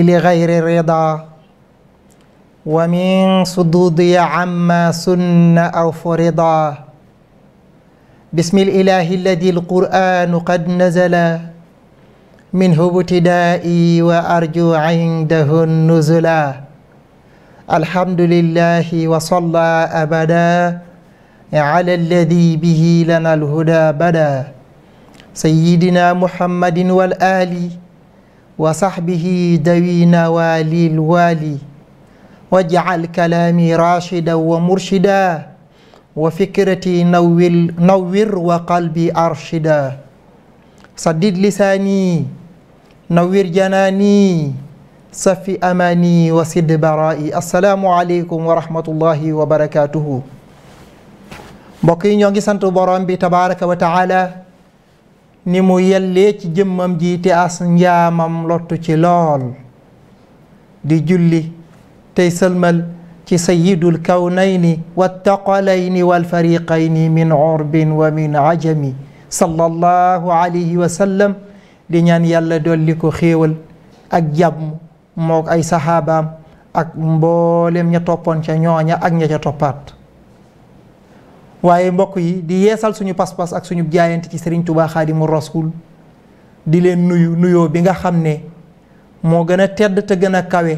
الذل لغير رضا ومن صدودي عما سن أو فرضا بسم الإله الذي القرآن قد نزل منه ابتدائي وأرجو عنده النزلا الحمد لله وصلى أبدا على الذي به لنا الهدى بدا سيدنا محمد والآل وصحبه دوي نوالي الوالي واجعل كلامي راشدا ومرشدا وفكرتي نور, نور وقلبي أرشدا سدد لساني نور جناني صفي أماني وسد برائي السلام عليكم ورحمة الله وبركاته بقي نيوغي سانتو بروم بي تبارك وتعالى ni mu yellee ci jëmmam jiite te as njaamam lottu ci lool di julli tey sëlmal ci sayidul kawnayni wattaqalayni walfariqayni min urbin wa min ajami sallallahu alayhi wa sallam di ñaan yàlla dolli ko xéewal ak jàmm mook ay saxaabaam ak mboolem ña toppoon ca ñooña ak ña ca toppaat waaye mbokk yi di yeesal suñu pas-pas ak suñu jaayant ci Serigne Touba Xaadimu Rasul di leen nuyu nuyoo bi nga xam ne moo gën a tedd te gën a kawe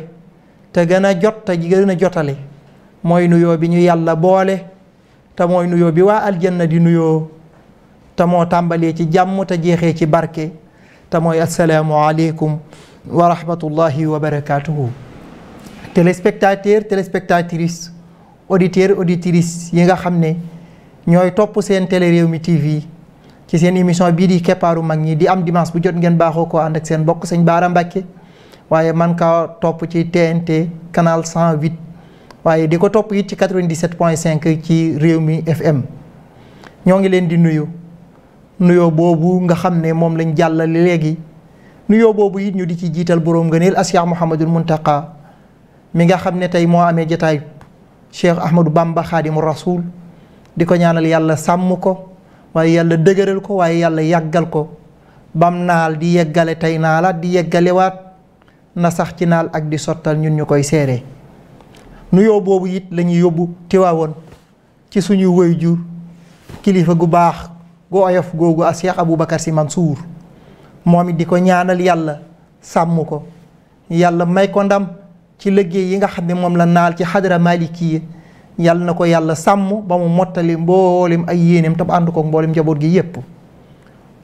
te gën a jot te gën a jotale mooy nuyoo bi ñu yàlla boole te mooy nuyoo bi waa aljanna di nuyoo te moo tàmbalee ci jàmm te jeexee ci barke te mooy asalaamualeykum wa rahmatullahi wa barakaatuhu. téléspectateur téléspectatrice auditeur auditrice yi nga xam ne. ñooy topp seen télé réew mi TV ci seen émission bii di keppaaru mag ñi di am dimanche bu jot ngeen baaxoo ko ànd ak seen bokk sëñ Baara Mbàkke waaye man kaa topp ci TNT canal 108 waaye di ko topp it ci 97.5 ci réew mi FM ñoo ngi leen di nuyu nuyoo boobu nga xam ne moom lañ jàllale léegi nuyoo boobu it ñu di ci jiital boroom ngëneel Cheikh Mouhamadul Muntaqa mi nga xam ne tey moo amee jotaay Cheikh Ahmadou Bamba Xaadimu Rasoul di ko ñaanal yàlla sàmm ko waaye yàlla dëgëral ko waaye yàlla yàggal ko bam naal di yeggale tey naalaat di yeggalewaat na sax ci naal ak di sottal ñun ñu koy seere nuyoo boobu it la ñuy yóbbu tiwaawoon ci suñu waajur kilifa gu baax gu oyof googu a Cheikh Aboubacar Sy Mansour moom it di ko ñaanal yàlla sàmm ko yàlla may ko ndam ci liggéey yi nga xam ne moom la naal ci xadara maliki yàlla na ko yàlla sàmm ba mu mottali mboolim ay yéeneem tam ànd kook mboolim njaboot gi yépp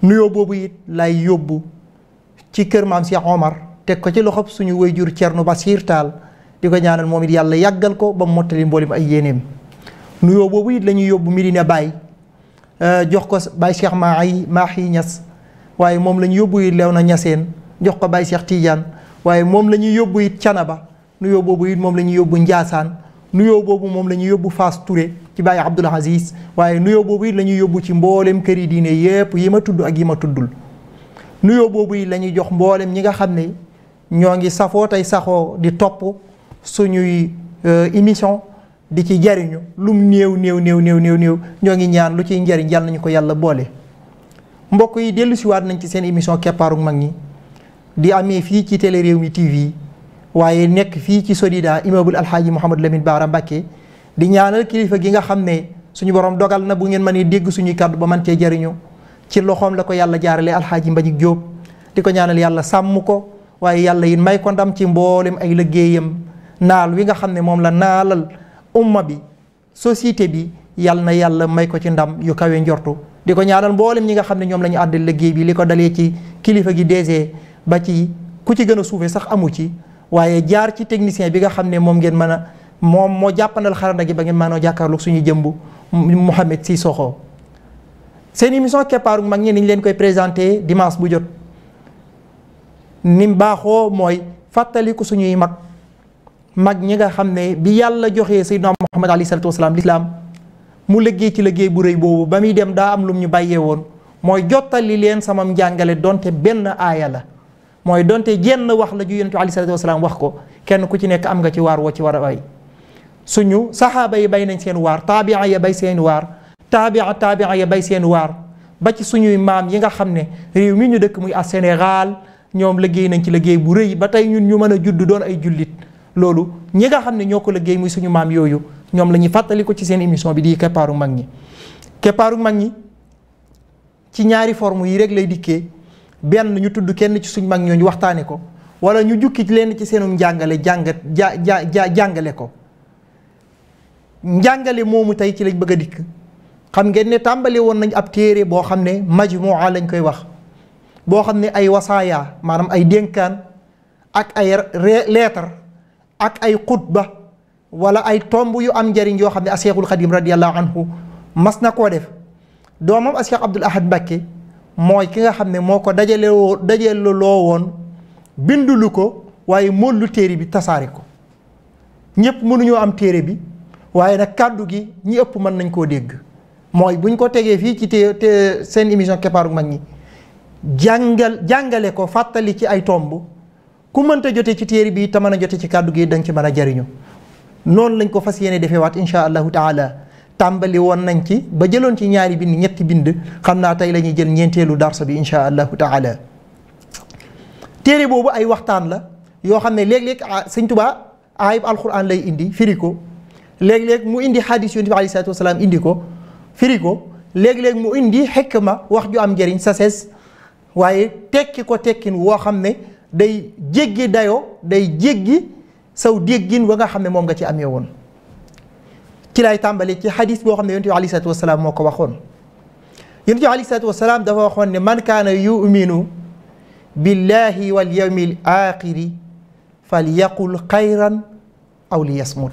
nuyoo boobu it lay yóbbu ci kër maam Cheikh Omar teg ko ci loxob suñu wayjur Thierno Bachir Tall di ko ñaanal moom it yàlla yàggal ko ba mu mottali mboolim ay yéeneem nuyoo boobu it lañuy yóbbu yóbbu Medina Baye euh, jox ko Baye Cheikh Mahi Mahi Niass waaye moom la ñu yóbbu it Léona Niassène jox ko Baye Cheikh Tidiane waaye moom lañuy ñuy yóbbu it Canaba nuyoo it moom la ñuy yóbbu Ndiassane nuyo boobu moom la ñuy yóbbu fas Touré ci Baye Abdoul Aziz waaye nuyo boobu it la ñuy yóbbu ci mbooleem kër yi diine yépp yi ma tudd ak yi ma tuddul nuyoo boobu it la jox mbooleem ñi nga xam ne ñoo ngi safoo tey saxoo di topp suñuy euh, émission di ci jariñu lum néew néew néew néew néew néew ñoo ngi ñaan lu ciy njariñ yàlla nañu ko yàlla boole mbokk yi dellu siwaat nañ ci seen émission keppaaru mag ñi di amee fii ci télé réew mi TV waaye nekk fii ci Sodida immeuble Alxaaji Mouhamadou Lamine Baara Mbàkke di ñaanal kilifa gi nga xam ne suñu borom dogal na bu ngeen man mënee dégg suñuy kàddu ba man cee jariñu ci loxoom la ko yàlla jaarale Alxaaji Mbañik Jóob di ko ñaanal yàlla sàmm ko waaye yàlla it may ko ndam ci mboolem ay liggéeyam naal wi nga xam ne moom la naalal umma bi société bi yàlla na yàlla may ko ci ndam yu kawee njortu di ko ñaanal mboolem ñi nga xam ne ñoom lañu ñu àddal liggéey bi li ko dalee ci kilifa gi DG ba ci ku ci gën a suufe sax amu ci waaye jaar ci technicien bi nga xam ne moom ngeen mën a moom moo jàppandal xaranda gi ba ngeen maanoo jàkkaarloog suñu jëmbu Mouhamed Cissokho seen émission keppaaru mag ñi niñ leen koy présenté dimanche bu jot ni baaxoo mooy fàttaliku suñuy mag mag ñi nga xam ne bi yàlla joxee Seydina Muhammad alayhi salaatu mu liggéey ci liggéey bu rëy boobu ba muy dem daa am lum ñu bàyyee woon mooy jottali leen sama njàngale donte benn aaya la mooy donte jenn wax la ju yonent bi aleyhi salaatu wax ko kenn ku ci nekk am nga ci waar woo ci war a way suñu saxaaba yi bay nañ seen waar taabia ya bay seen waar taabia taabia ya bay seen waar ba ci suñuy maam yi nga xam ne réew mi ñu dëkk muy a Sénégal ñoom liggéey nañ ci liggéey bu rëy ba tey ñun ñu mën a judd doon ay jullit loolu ñi nga xam ne ñoo ko liggéey muy suñu maam yooyu ñoom la ñuy fàttali ko ci seen émission bi di keppaaru mag ñi keppaaru mag ñi ci ñaari forme yi rek lay dikkee benn ñu tudd kenn ci suñ mag ñooñu waxtaane ko wala ñu jukki lenn ci seenum njàngale jàngat ja ja jàngale ko njàngale moomu tey ci lañ bëgg a dikk xam ngeen ne tàmbali woon nañu ab téere boo xam ne maj majmuwa lañ koy wax boo xam ne ay wasaaya maanaam ay dénkaan ak ay leetar ak ay xutba wala ay tomb yu am njariñ yoo xam ne a Seexul Xadim radiyallahu anhu mas na koo def doomam a Abdul Ahad Mbàkke mooy ki nga xam ne moo ko dajale woo dajale loo woon bindulu ko waaye mollu téere bi tasaare ko ñëpp mënuñoo am téere bi waaye nag kàddu gi ñi ëpp mën nañ koo dégg mooy buñ ko tegee fii ci te te seen émission keppaaru mag ñi jàngal jàngale ko fàttali ci ay tomb ku mënta jote ci téere bi te mën a jote ci kàddu gi da ci mën a jariñu noonu lañ ko fas yéene defee waat incha allahu taala tàmbali woon nañ ci ba jëloon ci ñaari bind ñetti bind xam naa tey lañuy jël ñeenteelu darsa bi insha allahu taala téere boobu ay waxtaan la yoo xam ne léeg-léeg ah, sëñ Tuba ayib alquran lay indi firi ko léeg-léeg mu indi xadis yonent bi aleyhi salaatu indi ko firi ko léeg mu indi xekk ma wax ju am njëriñ sa sees waaye tekki ko tekkin woo xam ne day jéggi dayoo day jéggi saw déggin wa nga xam ne moom nga ci amee woon ci tàmbali ci xadis boo xam ne yonent bi alayhi moo ko waxoon yonent bi alayhi salaatu wasalaam dafa waxoon ne man kaana yuminu billahi wal yawmil aaxiri fal yaqul xayran aw li yasmut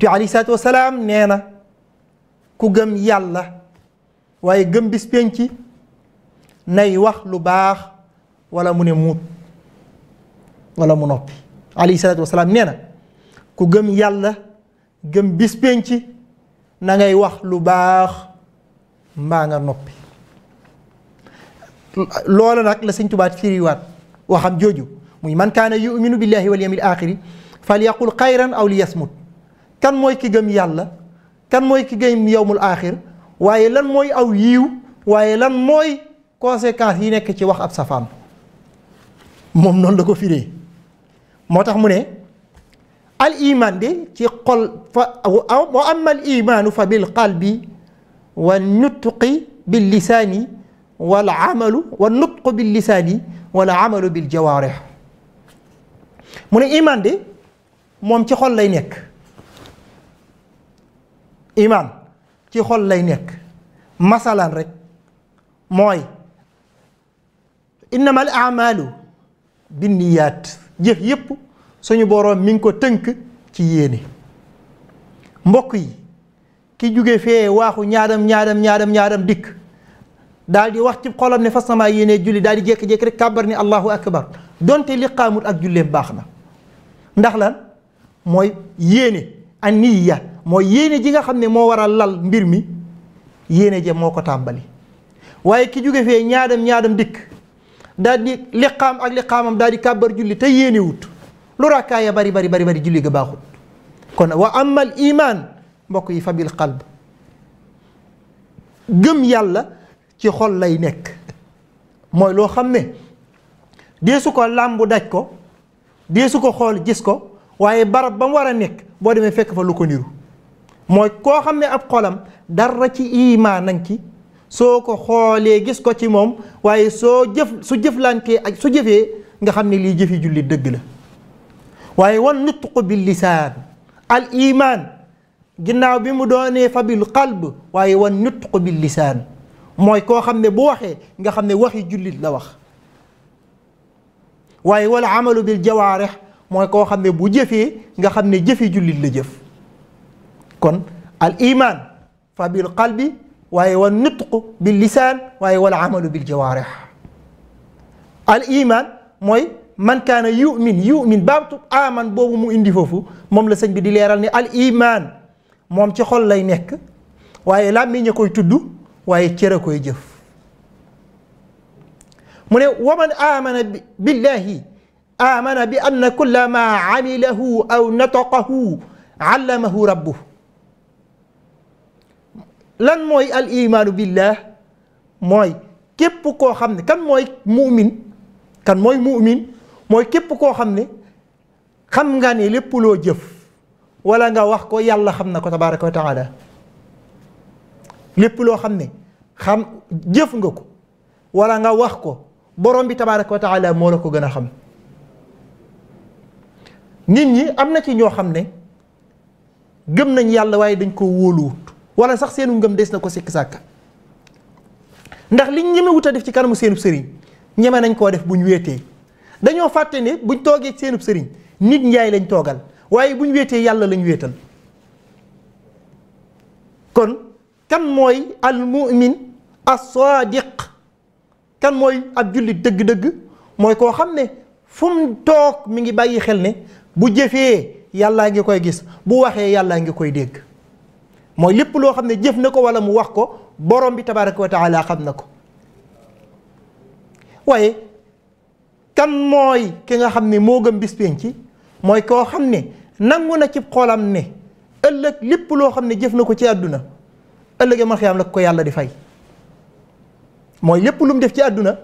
yonent bi nee na ku gëm yàlla waaye gëm bis penc nay wax lu baax walla mu ne muut wala mu noppi alayhi salaatu wasalaam nee na ku gëm yàlla gëm bis penc na ngay wax lu baax mbaa nga noppi loola nag la sëñ tubaat firiwaat waxam jooju muy man kaana yuminu billahi wal yawmil axiri fal yaqul xayran aw li yasmut kan mooy ki gëm yàlla kan mooy ki gëm yowmul axir waaye lan mooy aw yiw waaye lan mooy conséquence yi nekk ci wax ab safaan moom noonu la ko firee moo tax mu ne al iman de ci xol fa wa amma al imaanu fa bil qalbi wa nutqi bil lisaani wal amalu wa nutqu bil lisaani wal amalu bil jawaarih mu ne iman de moom ci xol lay nekk iman ci xol lay nekk masalan rek mooy innama al amalu binniyaat jëf yépp suñu boroom mi ngi ko tënk ci yéene mbokk yi ki jóge fi waaxu ñaadam ñaadam ñaadam ñaadam dikk daal di wax ci xolam ne fas sama yéene julli daal di jékki-jékki rek kàbbar ni allahu akbar donte liqaamut ak julleem baax na ndax lan mooy yéene an niya mooy yéene ji nga xam ne moo waral lal mbir mi yéene je moo ko tàmbali waaye ki jóge fee ñaadam ñaadam dikk daal di liqaam ak liqaamam daal di kàbbar julli te yéenewut lu rakkaa bari bari bari bari julli ga baaxut kon wa amal iman mbokk yi fa bil qalb gëm yàlla ci xol lay nekk mooy loo xam ne deesu ko làmbu daj ko deesu ko xool gis ko waaye barab ba mu war a nekk boo demee fekk fa lu ko niru mooy koo xam ne ab xolam dara ci imaan nañ ci soo ko xoolee gis ko ci moom waaye soo jëf su jëflantee ak su jëfee nga xam ne lii jëfi jullit dëgg la waaye wan nutqu bil lisaan al iman ginnaaw bi mu doonee fa bil waaye wan nutqu bil lisaan mooy koo xam ne bu waxee nga xam ne waxi jullit la wax waaye wal amalu bil jawaarix mooy koo xam ne bu jëfee nga xam ne jëfi jullit la jëf kon al iman fa bil qalbi waaye wan nutqu bil lisaan waaye wal amalu bil jawaarix al iman mooy man kaana yumin yumin baabtu aman boobu mu indi foofu moom la sëñ bi di leeral ni al iman moom ci xol lay nekk waaye laa a koy tudd waaye cër koy jëf mu ne waman amana billahi amana bi anna kulla ma amilahu aw nataqahu allamahu rabbuh lan mooy al imaanu billah mooy képp koo xam ni kan mooy mu'min kan mooy mu'min mooy képp koo xam ne xam nga ne lépp loo jëf wala nga wax ko yàlla xam na ko tabaaraka wa taala lépp loo xam ne xam jëf nga ko wala nga wax ko borom bi tabaaraka wa taala moo la ko gën a xam nit ñi am na ci ñoo xam ne gëm nañ yàlla waaye dañ ko wóoluwut wala sax seenu ngëm des na ko sikk sàkk ndax liñ ñeme wut a def ci kanamu seenu sëriñ ñeme nañ koo def bu ñu wéetee dañoo fàtte ne buñ toogee seenub sëriñ nit njaay lañ toogal waaye buñ wéetee yàlla lañ wéetal kon kan mooy al mu'min as kan mooy ab jullit dëgg-dëgg mooy koo xam ne fu toog mu ngi bàyyi xel ne bu jëfee yàllaa ngi koy gis bu waxee yàllaa ngi koy dégg mooy lépp loo xam ne jëf na ko wala mu wax ko borom bi tabaraka wa taala xam na ko waaye kan mooy ki nga xam ne moo gëm bis penc mooy koo xam ne nangu na ci xoolam ne ëllëg lépp loo xam ne jëf na ko ci àdduna ëllëgee man xiyaam la ko yàlla di fay mooy lépp lu mu def ci àdduna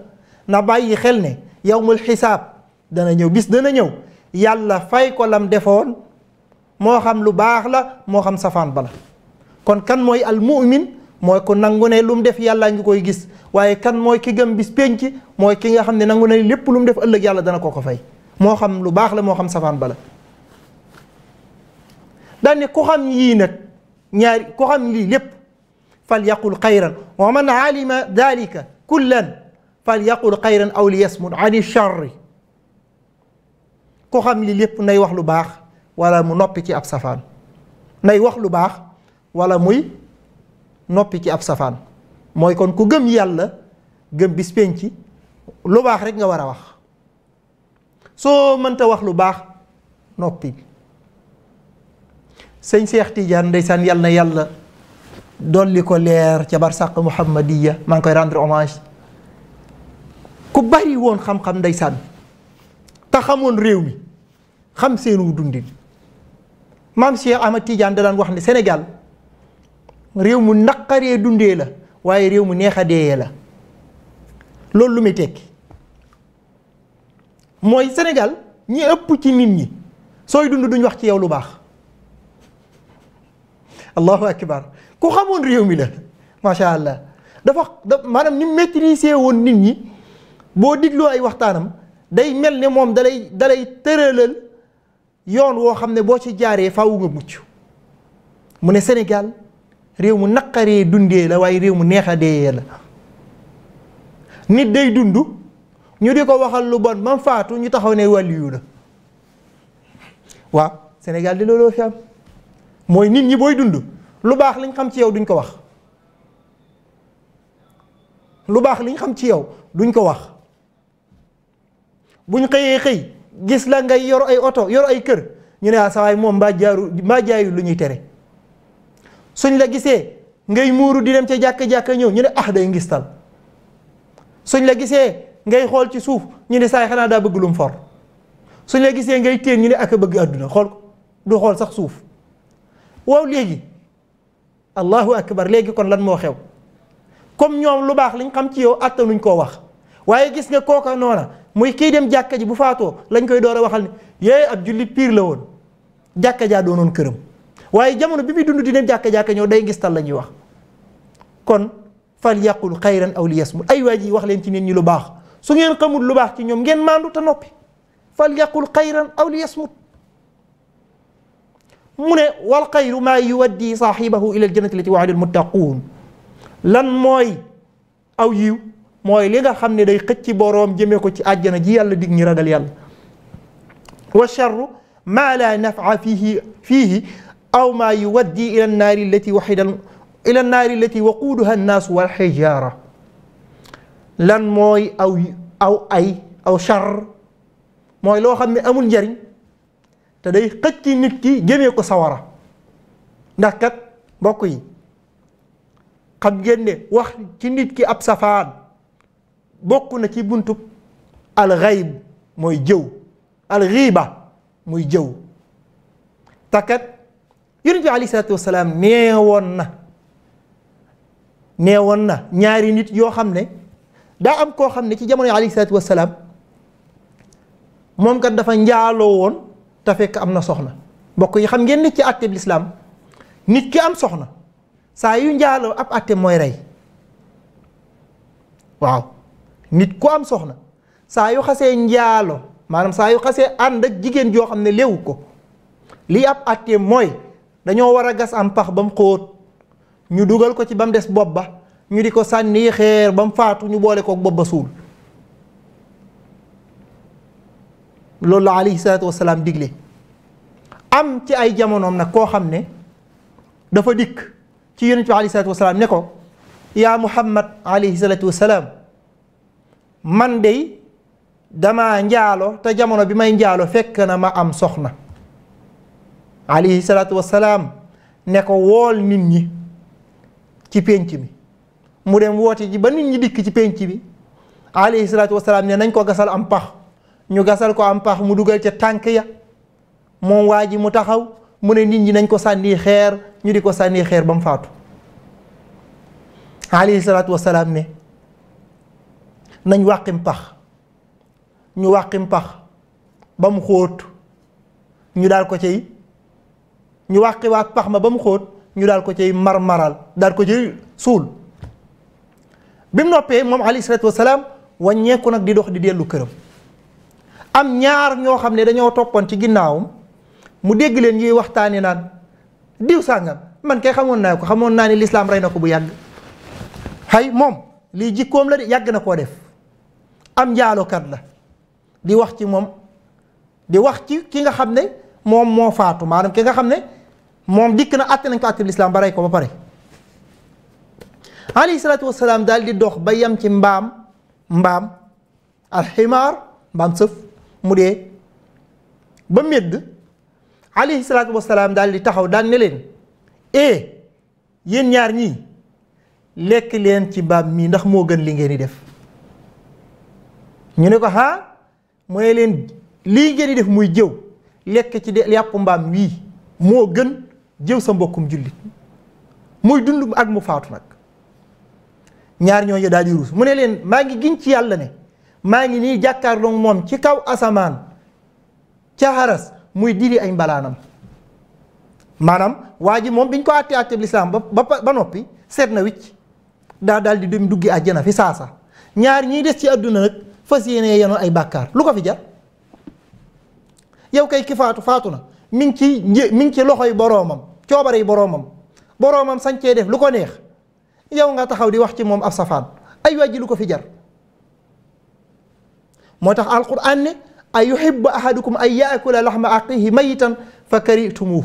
na bàyyi xel ne yawmul xisaab dana ñëw bis dana ñëw yàlla fay ko lam defoon moo xam lu baax la moo xam safaan bala kon kan mooy al mu'min mooy ku nangu ne lu mu def yàllaa ngi koy gis waaye kan mooy ki gëm bis pénc mooy ki nga xam ne nangu ne lépp lu mu def ëllëg yàlla dana ko ko fay moo xam lu baax la moo xam safaan bala daane ku xam yii nag ñaari ku xam lii lépp fal yaqul xayran wa man alima dalika kullan fal yaqul xayran aw li yasmut ani charri ku xam lii lépp nay wax lu baax wala mu noppi ci ab safaan nay wax lu baax wala muy noppi ci ab safaan mooy kon ku gëm yàlla gëm bis penc lu baax rek nga war a wax soo mënta wax lu baax noppi sëñ Seex Tijaan ndeysaan yàlla na yàlla dolli ko leer ca barsàq muhammadiya maa ngi koy rendre hommage ku bari woon xam-xam ndeysaan te xamoon réew mi xam seen wu dundin maam Cheikh Ahmad Tidiane da daan wax ni Sénégal réew mu naqaree dundee la waaye réew mu neex a deeyee la loolu lu muy tekki mooy Sénégal ñi ëpp ci nit ñi sooy dund duñ wax ci yow lu baax allahu akbar ku xamoon réew mi la macha allah dafa da maanaam ni maîtriser woon nit ñi boo digloo ay waxtaanam day mel ni moom dalay dalay tëralal yoon woo xam ne boo ci jaaree faaw nga mucc mu ne Sénégal réew mu naqaree dundee la waaye réew mu neex a deeyee la nit day dund ñu di ko waxal lu bon man faatu ñu taxaw ne wàlliyu la waaw senegal di looloo fi mooy nit ñi booy dund lu baax liñ xam ci yaw duñ ko wax lu baax liñ xam ci yow duñ ko wax buñ xëyee xëy gis la ngay yor ay oto yor ay kër ñu ne ah sawaay moom mbaa jaaru mbaa jaayu lu ñuy tere suñ la gisee ngay muuru di dem ca jàkk-jàkk ñëw ñu ne ah day ngistal suñ la gisee ngay xool ci suuf ñu ne saay xanaa daa bëgg lu for suñ la gisee ngay téen ñu ne ak bëgg àdduna xool ko du xool sax suuf wow léegi allahu akbar léegi kon lan moo xew comme ñoom lu baax liñ xam ci yow attanuñ koo wax waaye gis nga kooka noona muy kii dem jàkka ji bu faatoo lañ koy door a waxal ni yéey ab jullit piir la woon jàkka jaa doonoon këram waaye jamono bi muy dund di dem jàkka-jàkka ñëw day ngistal la ñuy wax kon fal yaqul xayran aw li yasmut ay waa ji wax leen ci nit ñi lu baax su ngeen xamul lu baax ci ñoom ngeen maandu te noppi fal yaqul xayran aw li yasmut mu ne wal xayru maa yuwaddi saaxibahu ila aljannati lati waada almuttaquun lan mooy aw yiw mooy li nga xam ne day xëcc boroom jëmee ko ci àjjana ji yàlla dig ñi ragal yàlla wa charru maa laa nafaa fiihi aw maa yuwaddi ila naari allati waxida ila naari allati waquuduha annaasu wal xijaara lan mooy aw aw ay aw char mooy loo xam ne amul njariñ te day xëcc nit ki jëmee ko sawara ndax kat mbokk yi xam ngeen ne wax ci ki ab safaan bokk na ci buntub alxayb mooy jëw alxiiba muy jëw takat yonent bi alayhi salaatu wasalaam nee woon na nee woon na ñaari nit yoo xam ne daa am koo xam ne ci jamono alayhi salaatu wasalaam moom kat dafa njaaloo woon te fekk am na soxna mbokk yi xam ngeen ni ci àtteeb lislaam nit ki am soxna saa yu njaaloo ab àtte mooy rey waaw nit ku am soxna saa yu xasee njaalo maanaam saa yu xasee ànd ak jigéen joo xam ne léewu ko lii ab àtte mooy dañoo war a gas am pax ba mu xóot ñu dugal ko ci ba mu des bopp ba ñu di ko sànni xeer ba mu faatu ñu boole kook bopp ba suul loolu la alayhi salaatu wasalaam digle am ci ay jamonoom nag koo xam ne dafa dikk ci yonent bi alayhi salaatu wasalaam ne ko yaa muhammad alayhi salaatu wasalaam man dey dama njaalo te jamono bi may njaalo fekk na ma am soxna alayhi salaatu salaam ne ko wool nit ñi ci pénc mi mu dem woote ji ba nit ñi dikk ci pénc bi alayhi salaatu wassalaam ne nañ ko gasal am pax ñu gasal ko am pax mu dugal ca tànk ya moom waa ji mu taxaw mu ne nit ñi nañ ko sànni xeer ñu di ko sànni xeer ba mu faatu alayhi salaatu wassalaam ne nañ wàqim pax ñu wàqim pax ba mu xóot ñu daal ko cay ñu wàqiwaat pax ma ba mu xóot ñu daal ko cay marmaral daal ko cay suul bi mu noppee moom alayhi salaam wasalaam wàññeeku nag di dox di dellu këram am ñaar ñoo xam ne dañoo toppoon ci ginnaawam mu dégg leen ñuy waxtaani naan diw sàngam man kay xamoon naa ko xamoon naa ni lislaam rey na ko bu yàgg hay moom lii jikkoom la yàgg na koo def am njaalokat la di wax ci moom di wax ci ki nga xam ne moom moo faatu maanaam ki nga xam ne moom dikk na àtte nañ ko àtte lislaam ba ko ba pare alayhi salaatu wasalaam daal di dox ba yem ci mbaam mbaam alximaar mbaam sëf mu dee ba medd alayhi salaatu wasalaam daal di taxaw dal ne leen e yéen ñaar ñii lekk leen ci mbaam mii ndax moo gën li ngeen di def ñu ne ko ah mu ne leen lii ngeen di def muy jëw lekk ci de yàpp mbaam wii moo gën jëw sa mbokkum jullit muy dund ak mu faatu nag ñaar ñooñu daal di ruus mu ne leen maa ngi giñ ci yàlla ne maa ngi nii jàkkaarloo moom ci kaw asamaan ca xaras muy diri ay mbalaanam maanaam waa ji moom biñ ko àttee àttee lislaam ba ba noppi seet na wicc daa daldi di dem duggi àjjana fi saasa ñaar ñiy des ci àdduna nag fas yéene yenoon ay bàkkaar lu ko fi jar yow kay ki faatu faatu na mi ngi ci mi ngi ci loxoy boroomam coobare yi boroomam boroomam sañ cee def lu ko neex yow nga taxaw di wax ci moom ab safaan ay waaj ji lu ko fi jar moo tax alquran ne ay yuhibbu ahadukum an yaakula laxma aqihi mayitan fa karitumu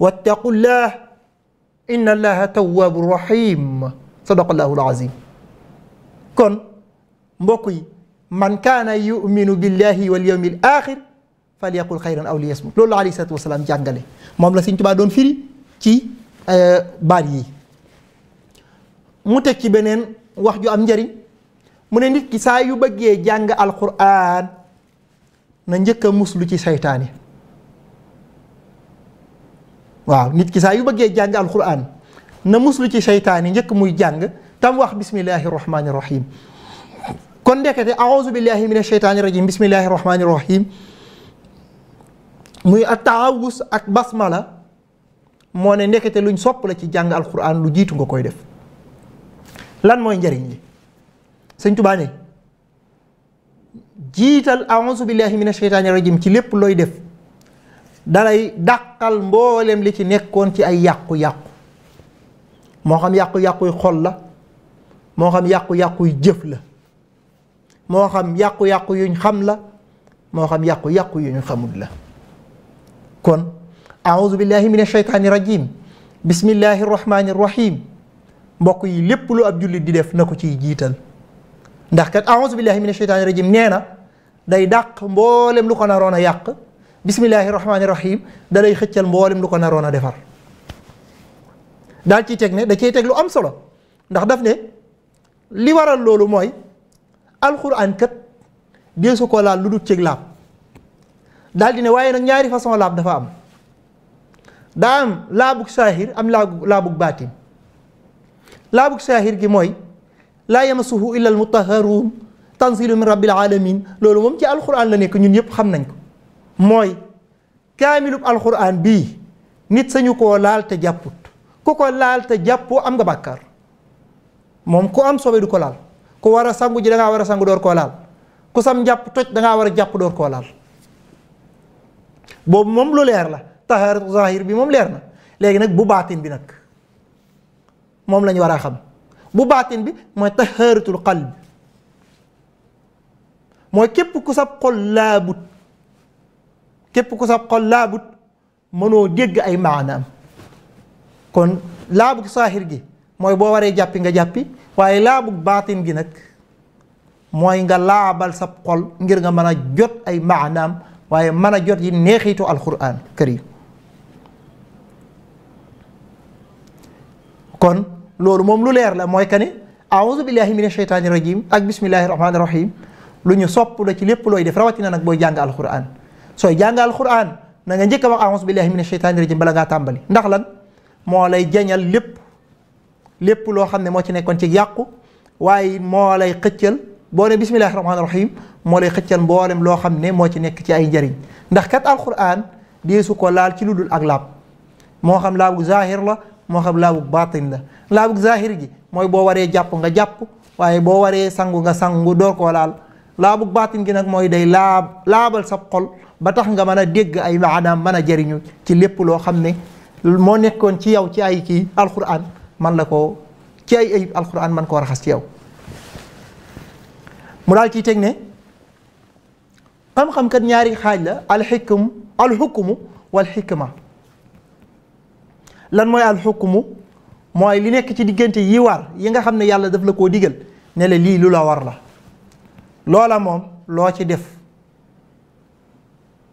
wattaqullah inna allaha tawwaabu rahim sadaqallahu alazim kon mbokk yi man kaana yuminu billahi wal yawmi al fal yaqul xayran aw li yasmut loolu la alayhi salaatu moom la Sëñ Tuubaa doon firi ci euh, baat yi mu teg ci beneen wax ju am njëriñ mu ne nit ki yu bëggee jàng alquran na njëkk a ci saytaane waaw nit ki saa yu bëggee jàng na muslu ci saytaane njëkk muy jàng tam wax bismillahi rahmaani rahim kon ndekete aouzu billahi min asheytaani rajim bismillahi rahmaani muy ak taawus ak basma la moo ne ndekete luñ sopp la ci jàng alquran lu jiitu nga koy def lan mooy njariñ li sëñ Tuubaa ne jiital aouzu billahi mina sheytaani rajim ci lépp looy def dalay dàqal mboolem li ci nekkoon ci ay yàqu-yàqu moo xam yàqu-yàquy xol la moo xam yàqu-yàquy jëf la moo yàqu-yàqu yuñ xam la moo xam yàqu-yàqu yuñ xamul la kon aouzu billahi min asheytaani rajim bismillahi rahmaani rahim mbokk yi lépp lu ab jullit di def na ko ciy jiital ndax kat aouzu billahi min asheytaani rajim nee na day dàq mboolem lu ko naroon a yàq bismillahi rahmaani rahim da lay xëccal mboolem lu ko naroon a defar daal ciy teg ne da cay teg lu am solo ndax daf ne li waral loolu mooy alxuraan kat deesu ko laal lu dul cëg daal di ne waaye nag ñaari façon laab dafa am daa am laabug saahir am laabu laabug baatin laabu saahir gi mooy laa yamasuhu illa almutaharuun tanzilu min rabbil alamin loolu moom ci alxuraan la nekk ñun yëpp xam nañ ko mooy kaamilub alquran bii nit sañu koo laal te jàpput ku ko laal te jàppoo am nga bàkkaar moom ku am sobe du ko laal ku war a sangu ji da ngaa war a sangu door koo laal ku sam jàpp toj da war a jàpp door koo laal boobu moom lu leer la taharatu zahir bi moom leer na léegi nag bu baatin bi nag moom lañu war a xam bu baatin bi mooy taharatul qalb mooy képp ku sab xol laabut képp ku sab xol laabut mënoo dégg ay maanaam kon laabug saaxir gi mooy boo waree jàppi nga jàppi waaye laabug baatin gi nag mooy nga laabal sab xol ngir nga mën a jot ay maanaam waaye mën a jot yi neexitu alxuraan karim kon loolu moom lu leer la mooy que ni aouzu billahi min asheytaani rajim ak bismillahi rahmaani rahim lu ñu sopp la ci lépp looy def rawatina nag booy jàng alxuraan sooy jàng alxuraan na nga njëkk a wax aouzu billahi min asheytaani rajim bala ngaa tàmbali ndax lan moo lay jañal lépp lépp loo xam ne moo ci nekkoon ci yàqu waaye moo lay xëccal boo ne bismillahi rahmaani rahim moo lay xëccal mboolem loo xam ne moo ci nekk ci ay njariñ ndax kat alquran dee su ko laal ci lu dul ak laab moo xam laabu zahir la moo xam laabu baatin la laabu zahir gi mooy boo waree jàpp nga jàpp waaye boo waree sangu nga sangu door koo laal laabu baatin gi nag mooy day laab laabal sa xol ba tax nga mën a dégg ay maanaam mën a jariñu ci lépp loo xam ne moo nekkoon ci yow ci ay ci alquran man la ko ci ay ayib alquran man koo raxas ci yow mu daal ciy teg ne xam-xam kat ñaari xaaj la alxikum alxukumu wal xikma lan mooy alxukumu mooy li nekk ci diggante yi war yi nga xam ne yàlla daf la koo digal ne la lii lu la war la loola moom loo ci def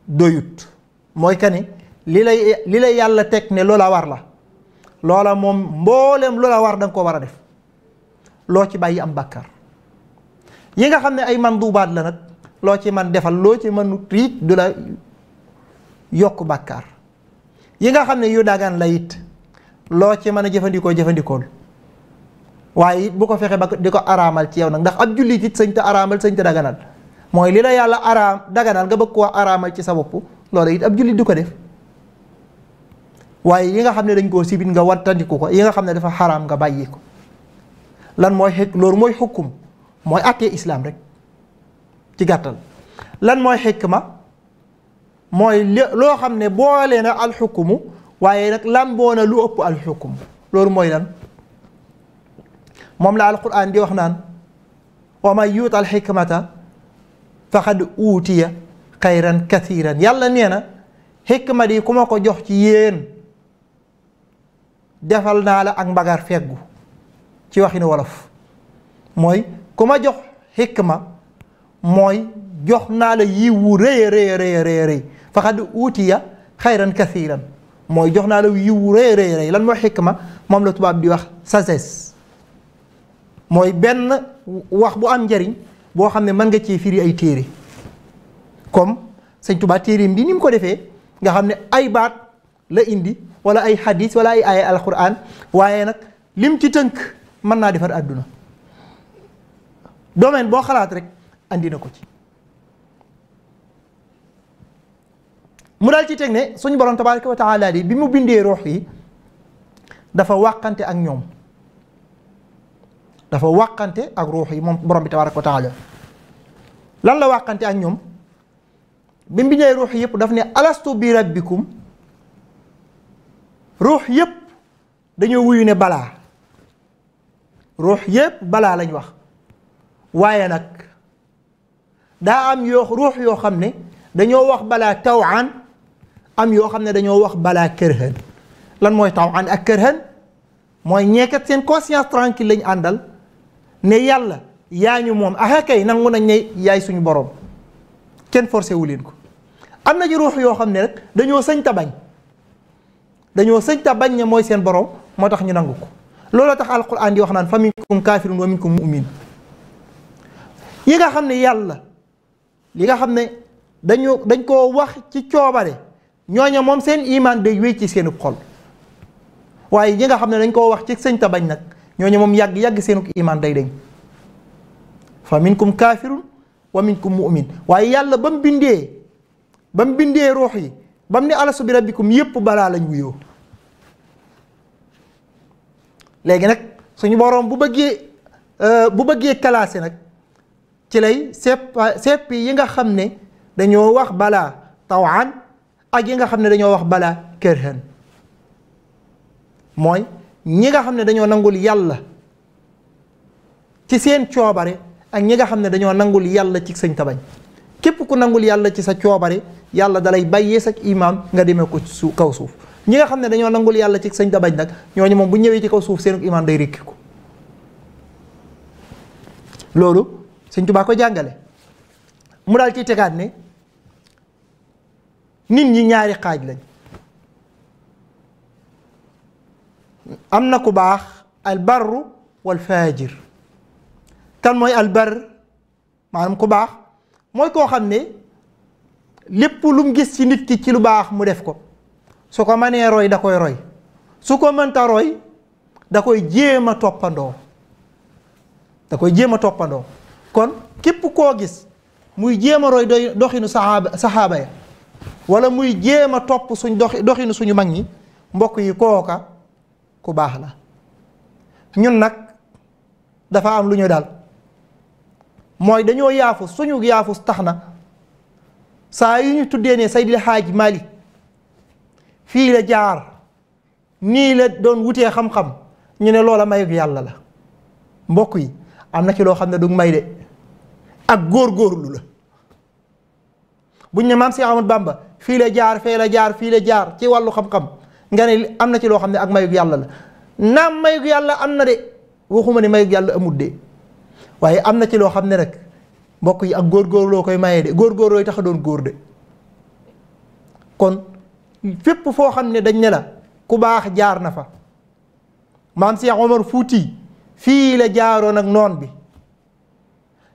doyut mooy kani li lay li lay yàlla teg ne loola war la loola moom mbooleem loola war da nga ko war a def loo ci bàyyi am bàkkar yi nga xam ne ay mandubaat la nag loo ci man defal loo ci mën riit du la yokk bàkkaar yi nga xam ne yu dagaan la it loo ci mën a jëfandikoo jëfandikool waaye it bu ko fexe ba di ko araamal ci yow nag ndax ab jullit it sañ sañ te daganal mooy li la yàlla araam daganal nga bëgg koo araamal ci sa bopp loolu it ab jullit ko def waaye yi nga xam ne dañ koo sibit nga wattandiku ko yi nga xam ne dafa xaraam nga bàyyi ko lan mooy xëkk loolu mooy xukkum mooy àttee islaam rek ci gàttal lan mooy xikma mooy loo xam ne boole na alxukumu waaye nag lamboo na lu ëpp alxukum loolu mooy lan moom la alquran di wax naan wa man yuuta alxikmata faqad uutiya xayran kathiran yàlla nee na xikma di ku ma ko jox ci yéen defal naa la ak mbagar feggu ci waxinu wolof mooy ku ma jox xikma mooy jox naa la yiw wu rëy rëy rëy rëy faxad uutiya xayran kathiran mooy jox naa la yiw wu rëy rëy rëy lan mooy ma moom la tubaab di wax sagesse mooy benn wax bu am njariñ boo xam ne mën nga cee firi ay téere comme sëñ Tuubaa téereem bi ni mu ko defee nga xam ne ay baat la indi wala ay xadis wala ay aaya alquran waaye nag lim ci tënk mën naa defar àdduna domaine boo xalaat rek andi na ko ci mu dal ci teg ne suñu borom tabaraka wa taala di bi mu bindee ruux yi dafa wàqante ak ñoom dafa wàqante ak ruux yi moom borom bi tabaraka wa taala lan la wàqante ak ñoom bi mu bindee ruux yëpp daf ne alastu bi rabbikum ruux yëpp dañoo wuyu ne balaa ruux yëpp balaa lañ wax waaye nag daa am yoo ruux yoo xam ne dañoo wax balaa tawaan am yoo xam ne dañoo wax balaa kërhën lan mooy tawaan ak kërhën mooy ñeekat seen conscience tranquille lañ àndal ne yàlla yaa ñu moom ah kay nangu nañ ne yaay suñu borom kenn forcé wu leen ko am na ci ruux yoo xam ne rek dañoo sëñta bañ dañoo sëñ ta bañ ne mooy seen borom moo tax ñu nangu ko looloo tax alquran di wax naan fa minkum kaafirun wa minkum mu'min yi nga xam ne yàlla li nga xam ne dañu dañ koo wax ci coobare ñoo moom seen imaan day wéy ci seenub xol waaye ñi nga xam ne dañ koo wax ci sëñ bañ nag ñoo moom yàgg yàgg seenub imaan day dañ fa minkum kaafirun wa minkum mu'min waaye yàlla ba mu bindee ba mu bindee ruux yi ba mu ne alastu bi rabbikum yépp balaa lañ wuyoo léegi nag suñu boroom bu bëggee euh, bu bëggee classé nag ci lay sepp sepp yi nga xam ne dañoo wax balaa tawaan ak yi nga xam ne dañoo wax balaa kërhan mooy ñi nga xam ne dañoo nangul yàlla ci seen coobare ak ñi nga xam ne dañoo nangul yàlla ci sañ tabañ képp ku nangul yàlla ci sa coobare yàlla dalay bàyyee sa imaam nga demee ko su kaw suuf ñi nga xam ne dañoo nangul yàlla ci sañ tabañ nag ñooñu moom bu ñëwee ci kaw suuf seen imaam day rikki ko loolu sëñ Tuubaa ko jàngale mu daal ciy tegaat ne nit ñi ñaari xaaj lañ am na ku baax albarru wal faajir kan mooy albar maanaam ku baax mooy koo xam ne lépp lu gis ci nit ki ci lu baax mu def ko su ko mënee roy da koy roy su ko mënta roy da koy jéem a toppandoo da koy jéema toppandoo kon képp koo gis muy jéem a roy doy doxinu saxaaba saxaaba ya wala muy jéem a topp suñ doxinu suñu mag ñi mbokk yi kooka ku baax la ñun nag dafa am lu ñu dal mooy dañoo yaafu suñu yaafu tax na saa yu ñu tuddee ne Seydil Haaji Malik fii la jaar nii la doon wutee xam-xam ñu ne loola mayug yàlla la mbokk yi am na ci loo xam ne du may de ak góorgóorlu la buñ ne maam Cheikh Ahmadou Bamba fii la jaar fee la jaar fii la jaar ci wàllu xam-xam nga ne am na ci loo xam ne ak mayug yàlla la naam mayug yàlla am na de waxuma ne mayug yàlla amut de waaye am na ci loo xam ne rek mbokk yi ak góor loo koy mayee de góorgóorlu looy tax doon góor de kon fépp foo xam ne dañ ne la ku baax jaar na fa maam Cheikh Omar Fouti fii la jaaroon ak noon bi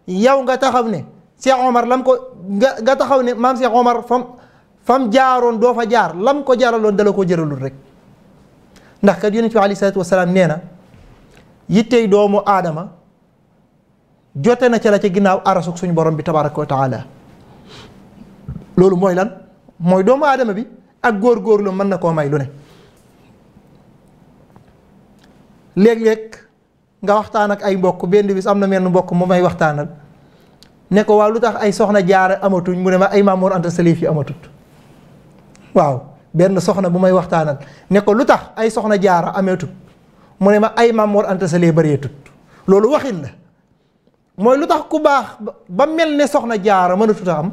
yow nga taxaw ne Cheikh Omar lam ko nga nga taxaw ne maam Cheikh Omar fam fam jaaroon doo fa jaar lam ko jaraloon dala ko jëralul rek ndax kat yonent bi aleyhi salaatu wasalaam nee na yittey doomu aadama jote na ca la ca ginnaaw arasuk suñu borom bi tabaraka wa taala loolu mooy lan mooy doomu aadama bi ak góor-góorlu mën na koo may lu ne léeg-léeg nga waxtaan ak ay mbokk benn bis am na menn mbokk mu may waxtaanal ne ko waaw lu tax ay soxna jaara amatuñ mu ne ma ay Mamour Anta Salif yi amatut waaw benn soxna bu may waxtaanal ne ko lu tax ay soxna jaara ameetut mu ne ma ay Mamour Anta Salif loolu waxin la mooy lu tax ku baax ba mel ne soxna jaara mënatut a am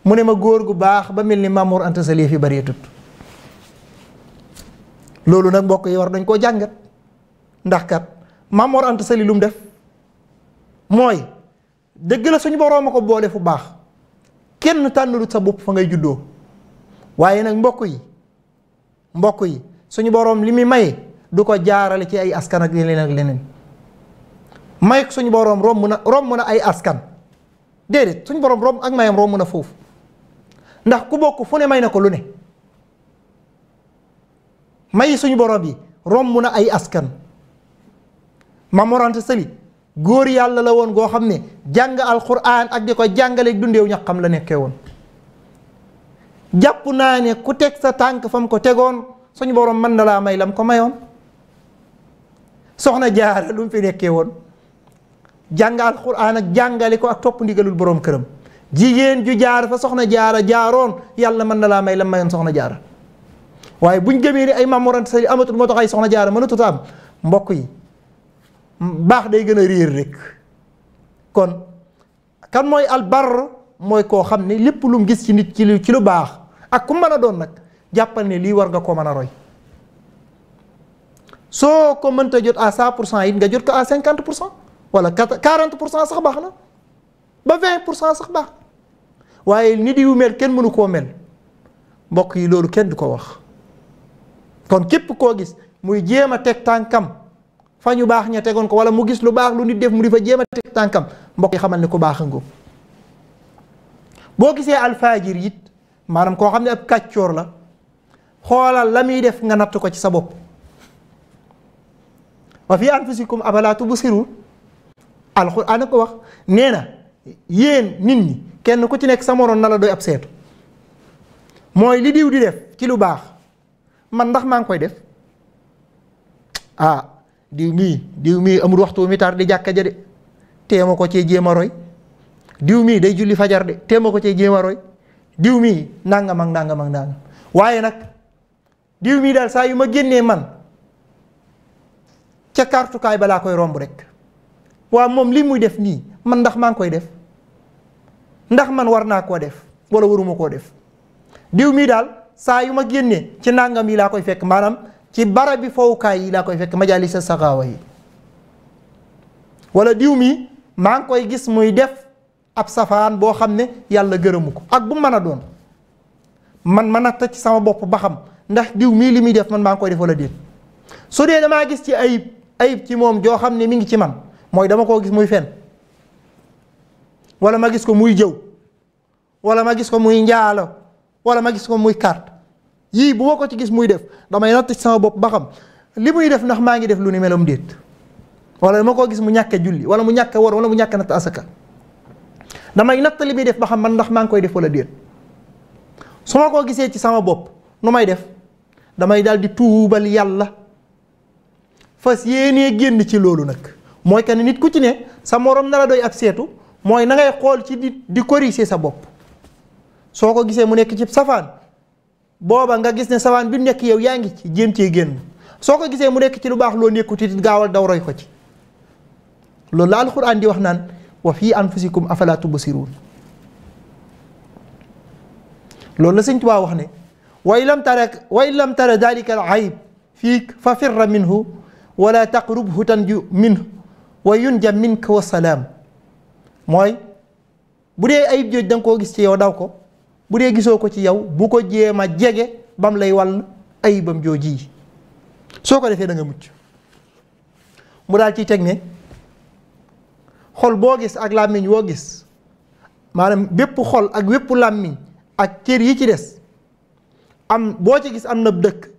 mu ne ma góor gu baax ba mel ni Mamour Anta Salif yi bareetut loolu nag mbokk yi war dañ koo jàngat ndax kat Maam Mor Anta Sali lu def mooy dëgg la suñu boroom a ko boole fu baax kenn tànnalut sa bopp fa ngay juddoo waaye nag mbokk yi mbokk yi suñu boroom li muy maye du ko jaarale ci ay askan ak leneen ak leneen may suñ boroom romb na romb na ay askan déedéet suñ boroom romb ak mayam romb na foofu ndax ku bokk fu ne may na ko lu ne may suñu boroom yi romb na ay askan. mamorante sëli góor yàlla la woon goo xam ne jàng alquran ak di ko jàngaleeg ñax ñaqam la nekkee woon jàpp naa ne ku teg sa tànk fam ko tegoon suñu borom mën na laa may lam ko mayoon soxna jaara lum mu fi nekkee woon jàng alquran ak jàngale ko ak topp ndigalul borom këram jigéen ju jaara fa soxna jaara jaaroon yàlla man na laa may lam mayoon soxna jaara waaye buñ gëmee ni ay mamorante sëli amatul moo tax ay soxna jaara mënatut am mbokk yi baax day gën a réer rek kon kan mooy albar mooy koo xam ne lépp lu gis ci nit ci lu ci lu baax ak ku mën a doon nag jàppal ne lii war nga ko man a roy soo ko mënta jot à cent pour cent yi nga jot ko à cinquante pour cent wala quarante pour cent sax baax na ba vingt pour cent sax baax waaye nit yu mel kenn mënu koo mel mbokk yi loolu kenn du ko wax kon képp koo gis muy jéem a teg tànkam fa ñu baax ña tegoon ko wala mu gis lu baax lu nit def mu di fa jéem a teg tànkam mbokk yi xamal ne ku baax a ngóob boo gisee alfaajir yit maanaam koo xam ne ab kàccoor la xoolal la muy def nga natt ko ci sa bopp wa fi anfusikum afalaa tubsiruun alxuraan ko wax nee na yéen nit ñi kenn ku ci nekk sa moroom na la doy ab seetu mooy li diw di def ci lu baax man ndax maa ngi koy def ah diw mii diw mii amul waxtu mi tar di jàkka ja de téema ko cee jéem a roy diw mii day julli fajar de téema ko cee jéem a roy diw mii nangam ak nangam waaye nag diw mii daal saa yu ma génnee man ca kartukaay laa koy romb rek waa moom li muy def nii man ndax maa ngi koy def ndax man war naa koo def wala waruma koo def diw mii daal saa yu ma génnee ci nangam yi laa koy fekk maanaam ci barabi fowukaay yi laa koy fekk majalisa saxaawa yi wala diw mi maa ngi koy gis muy def ab safaan boo xam ne yàlla gërëmu ko ak bu mën a doon man man a tëj sama bopp ba xam ndax diw mii li muy def man maa ngi koy def wala déet su dee damaa gis ci ayib ayib ci moom joo xam ne mi ngi ci man mooy dama koo gis muy fen wala ma gis ko muy jëw wala ma gis ko muy njaalo wala ma gis ko muy kart yii bu ma ko ci gis muy def damay natt ci sama bopp ba xam li muy def ndax maa ngi def lu ni melom déet wala ma koo gis mu ñàkkee julli wala mu ñàkk war wala mu ñàkk natt asaka damay natt li muy def ba xam man ndax maa ngi koy def wala déet su ma koo gisee ci sama bopp nu may def damay daal di tuubal yàlla fas yéenee génn ci loolu nag mooy que nit ku ci ne sa morom na la doy ab seetu mooy na ngay xool ci di di corriger sa bopp soo ko gisee mu nekk ci safaan booba nga gis ne sawaan bi nekk yow yaa ngi ci jéem cee génn soo ko gisee mu nekk ci lu baax loo nekkut it gaawal daw roy ko ci loolu la alxuraan di wax naan wa fii anfusikum afalaa tubsiruun loolu la sëñ Tuubaa wax ne wa in lam tara wa in lam tara dalika al ayib fiik fa firra minhu wala taqrubhu tanju minhu wa yunja minka wa salaam mooy bu dee ayib jooj da koo gis ci yow daw ko bu dee gisoo ko ci yow bu ko jéem a jege bam lay wàll ayibam jooji yi soo ko defee da nga mucc mu daal ci teg ne xol boo gis ak làmmiñ woo gis maanaam bépp xol ak bépp làmmiñ ak cër yi ci des am boo ci gis am na dëkk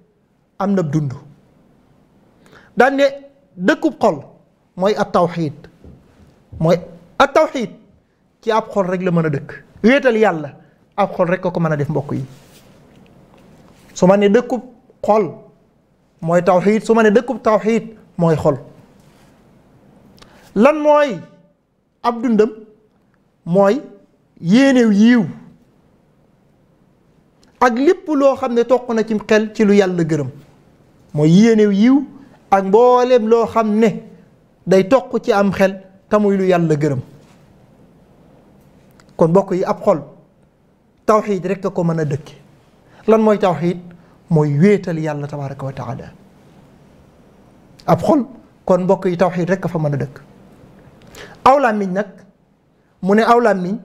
am na dund daan ne dëkkub xol mooy at tawxiid mooy at tawxiit ci ab xol rek la mën a dëkk wéetal yàlla ab xol rek ko ko mën a def mbokk yi su ma ne dëkkub xol mooy tawxiid su ma ne dëkkub tawxiid mooy xol lan mooy ab dundam mooy yéenew yiw ak lépp loo xam ne toq na ci xel ci lu yàlla gërëm mooy yéenew yiw ak mbooleem loo xam ne day toq ci am xel te muy lu yàlla gërëm kon mbokk yi ab xol tawxiid rek a ko mën a dëkke lan mooy tawxiid mooy wéetal yàlla tabaraka wa taala ab xol kon mbokk yi tawxiid rek a fa mën a dëkk aw làmmiñ nag mu ne aw làmmiñ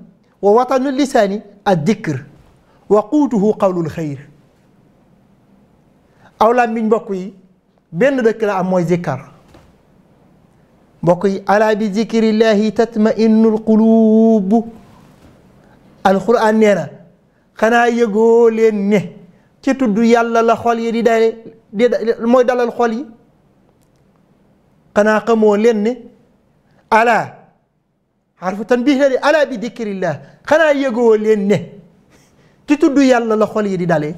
wa watanu lisaani ad dikr wa quutuhu qawlul xayr aw làmmiñ mbokk yi benn dëkk la am mooy zikkar mbokk yi alaa bi zikrillahi tatma innul quluub alquran nee na xanaa yëgoo leen ne ci tudd yàlla la xol yi di dale di mooy dalal xol yi xanaa xamoo leen ne alaa xarfu tanbiih la de alaa bi dikrillah xanaa yëgoo leen ne ci tudd yàlla la xol yi di dale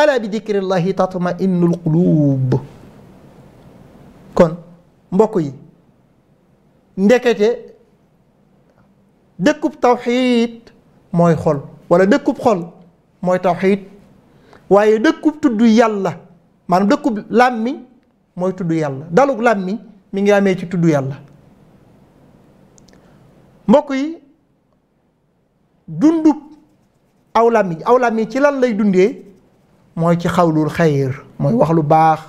alaa bi dikrillahi tatma innul quluub kon mbokk yi ndekete dëkkub tawxiid mooy xol wala dëkkub xol mooy tawxiid waaye dëkkub tudd yàlla man dëkkub làmmiñ mooy tudd yàlla dalug làmmiñ mi ngi amee ci tudd yàlla mbokk yi dundub aw làmmiñ aw làmmiñ ci lan lay dundee mooy ci xawlul xayr mooy wax lu baax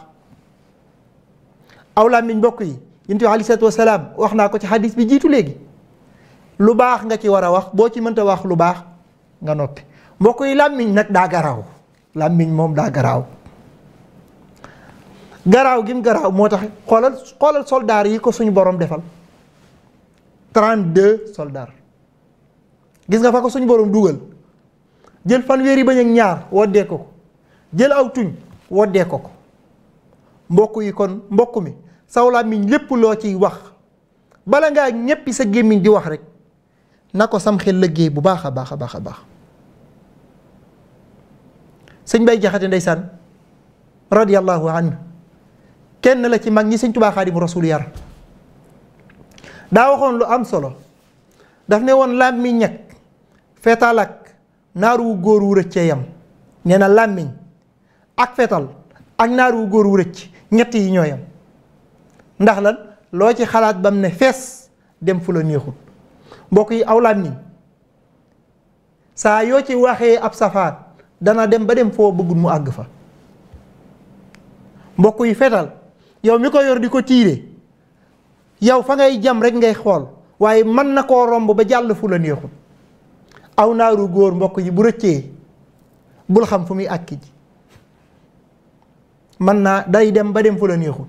aw làmmiñ mbokk yi yonent bi aleyhi salaatu wa wax naa ko ci xadis bi jiitu léegi lu baax nga ci war a wax boo ci mënta wax lu baax nga noppi mbokk yi làmmiñ nag daa garaaw làmmiñ moom daa garaaw garaaw gim garaaw moo tax xoolal xoolal soldaar yi ko suñu borom defal trente-deux soldaar gis nga fa ko suñ borom dugal jël fanweeri bañ ak ñaar woddee ko ko jël aw tuñ woddee ko ko mbokk yi kon mbokk mi saw làmmiñ lépp loo ci wax bala ngaa ñéppi sa gémmiñ di wax rek na ko sam xel liggéey bu baax a baax a baax a baax sëñ Bay Jaxate ndeysaan radiyallahu anhu kenn la ci mag ñi sëñ Tubaa Xaadimu Rasuul yar daa waxoon lu am solo daf ne woon làmmiñ ñekk fetal ak naar wu góor wu rëcc yam nee na làmmiñ ak fetal ak naar wu góor wu rëcc ñett yi ñoo yam ndax la loo ci xalaat bam ne fees dem fu la neexut mbokk yi aw làmmiñ saa yoo ci waxee ab safaat dana dem ba dem foo bëggul mu àgg fa mbokk yu fetal yow mi ko yor di ko tiire yow fa ngay jam rekk ngay xool waaye mën na koo romb ba jàll fu la neexul aw naaru góor mbokk yi bu rëccee bul xam fu muy àkki ji mën naa day dem ba dem fu la neexul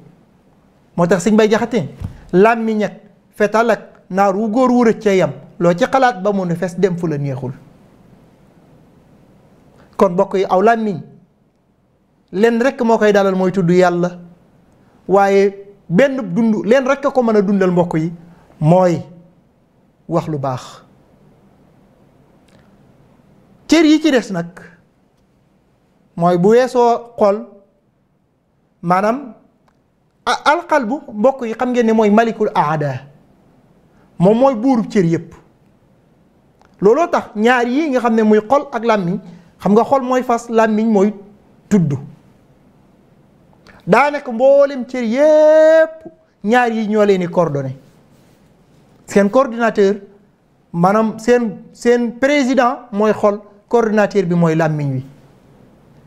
moo tax sëñ bay jaxate làmmiñ ak fetal ak naar wu góor wu rëccee yam loo ci xalaat ba mu ne fes dem fu la neexul kon mbokk yi aw làmmiñ lenn rekk moo koy dalal mooy tudd yàlla waaye benn dund leen rekk a ko mën a dundal mbokk yi mooy wax lu baax cër yi ci des nag mooy bu weesoo xol maanaam alqalbu mbokk yi xam ngeen ne mooy malikul aada moom mooy buurub cër yépp looloo tax ñaar yi nga xam ne muy xol ak làmmiñ xam nga xol mooy fas làmmiñ mooy tudd daanaka mboolem cër yépp ñaar yi ñoo leen di coordonné seen cordinateur maanaam seen seen président mooy xol coordinateur bi mooy làmmiñ wi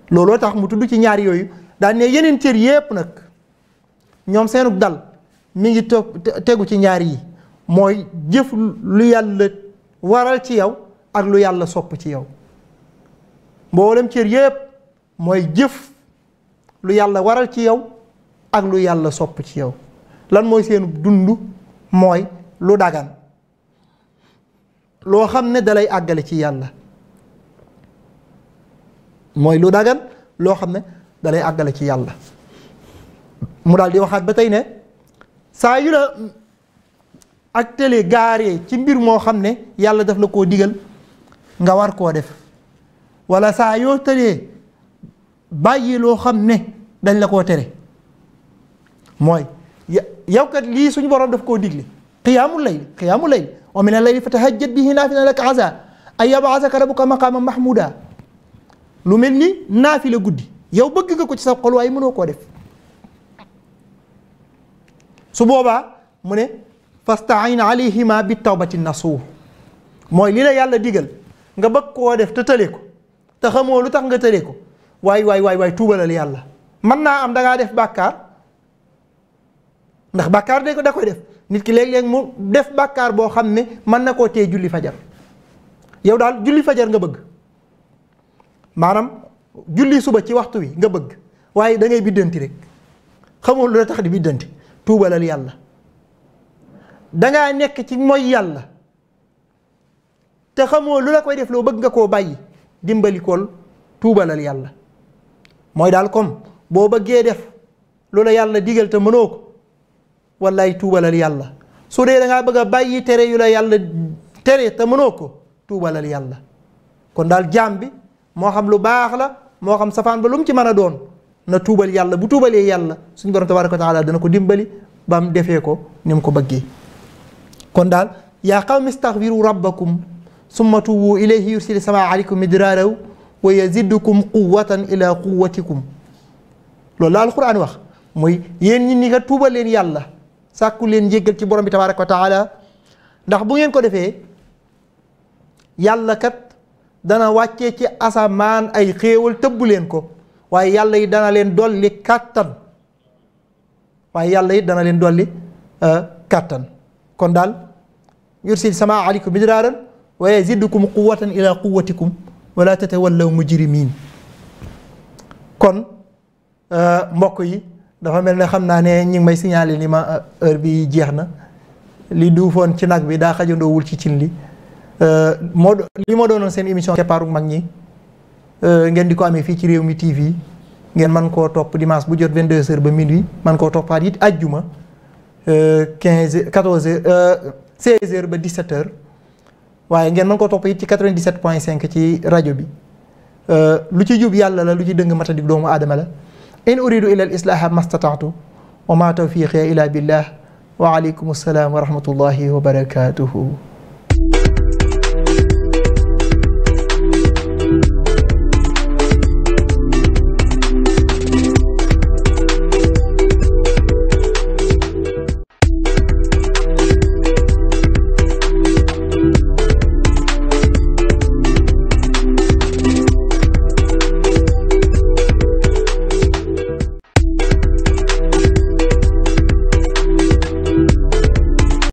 looloo tax mu tudd ci ñaar yooyu daan yeneen cër yépp nag ñoom seenu dal mi ngi tegu ci ñaar yi mooy jëf lu yàlla waral ci yow ak lu yàlla sopp ci yow mboolem cër yépp mooy jëf lu yàlla waral ci yow ak lu yàlla sopp ci yow lan mooy seenu dund mooy lu dagan loo xam ne dalay àggale ci yàlla mooy lu dagan loo xam ne dalay àggale ci yàlla mu daal di waxaat ba tey ne saa yu la ak télé gaaree ci mbir moo xam ne yàlla daf la koo digal nga war koo def wala saa yoo tëree bàyyi loo xam ne dañ la koo tere mooy yow kat lii suñu borom def koo digle qiyaamul layl qiyaamul layl wa min al-layli fatahajjad bihi naafilatan laka asaa an yab'asaka rabbuka maqaaman mahmuuda lu mel ni naafila guddi yow bëgg nga ko ci sa xol waaye mënoo koo def su boobaa mu ne fastain alayhima bi tawbati nasuuh mooy li la yàlla digal nga bëgg koo def te tële ko te xamoo lu tax nga tëlee ko waay waay waay waay tuubalal yàlla mën naa am da def bàkkaar ndax bàkkaar de ko da koy def nit ki léeg-léeg mu def bàkkaar boo xam ne mën na koo téye julli fajar yow daal julli fajar nga bëgg maanaam julli suba ci waxtu wi nga bëgg waaye dangay biddanti rek xamoo lu la tax di biddanti tuubalal yàlla dangaa nekk ci mooy yàlla te xamoo lu la koy def loo bëgg nga koo bàyyi kool tuubalal yàlla mooy daal comme boo bëggee def lu la yàlla digal te mënoo ko wallaay tuubalal yàlla soo dee da bëgg a bàyyi tere yu la yàlla tere te mënoo ko tuubalal yàlla kon daal jaam bi moo xam lu baax la moo xam safaan ba lu mu ci mën a doon na tuubal yàlla bu tuubalee yàlla suñu borom tabaaraka wa taala dana ko dimbali ba mu defee ko ni mu ko bëggee kon daal yaa qawmi staxfiru rabbakum summa tuubu ilayhi yursili samaa aleykum midraaraw wa yazidukum quwwatan ila quwwatikum loolu la alquran wax mooy yéen ñi ni nga tuubal leen yàlla sàkku leen jéggal ci borom bi tabaraka wa ndax bu ngeen ko defee yàlla kat dana wàccee ci asamaan ay xéewal tëbb leen ko waaye yàlla yi dana leen dolli kàttan waaye yàlla yi dana leen dolli euh, kàttan kon daal yursil samaa aleykum midraaran wa yazidukum quwatan ila quwatikum wala tatawallaw mujrimin kon euh, mbokk yi dafa mel ne xam naa ne ñu may signaler ni ma euh, heure bi jeex na li duufoon ci nag bi daa xajandoowul ci cin li euh, moo li ma doonoon seen émission keppaaru mag ñi ngeen di ko amee fii ci réew mi TV ngeen man koo topp dimanche bu jot 22h ba minuit man koo toppaat it ajjuma quinze 14h 16h ba 17h. waaye ngeen mën ko topp it ci 97 point ci rajo bi euh, lu ci jub yàlla la lu ci dëng matadik doomu aadama la in uridu ila al islaaha mastataatu wa ma tawfiqi ila billah wa aleykum assalaam wa rahmatullahi wa barakatuhu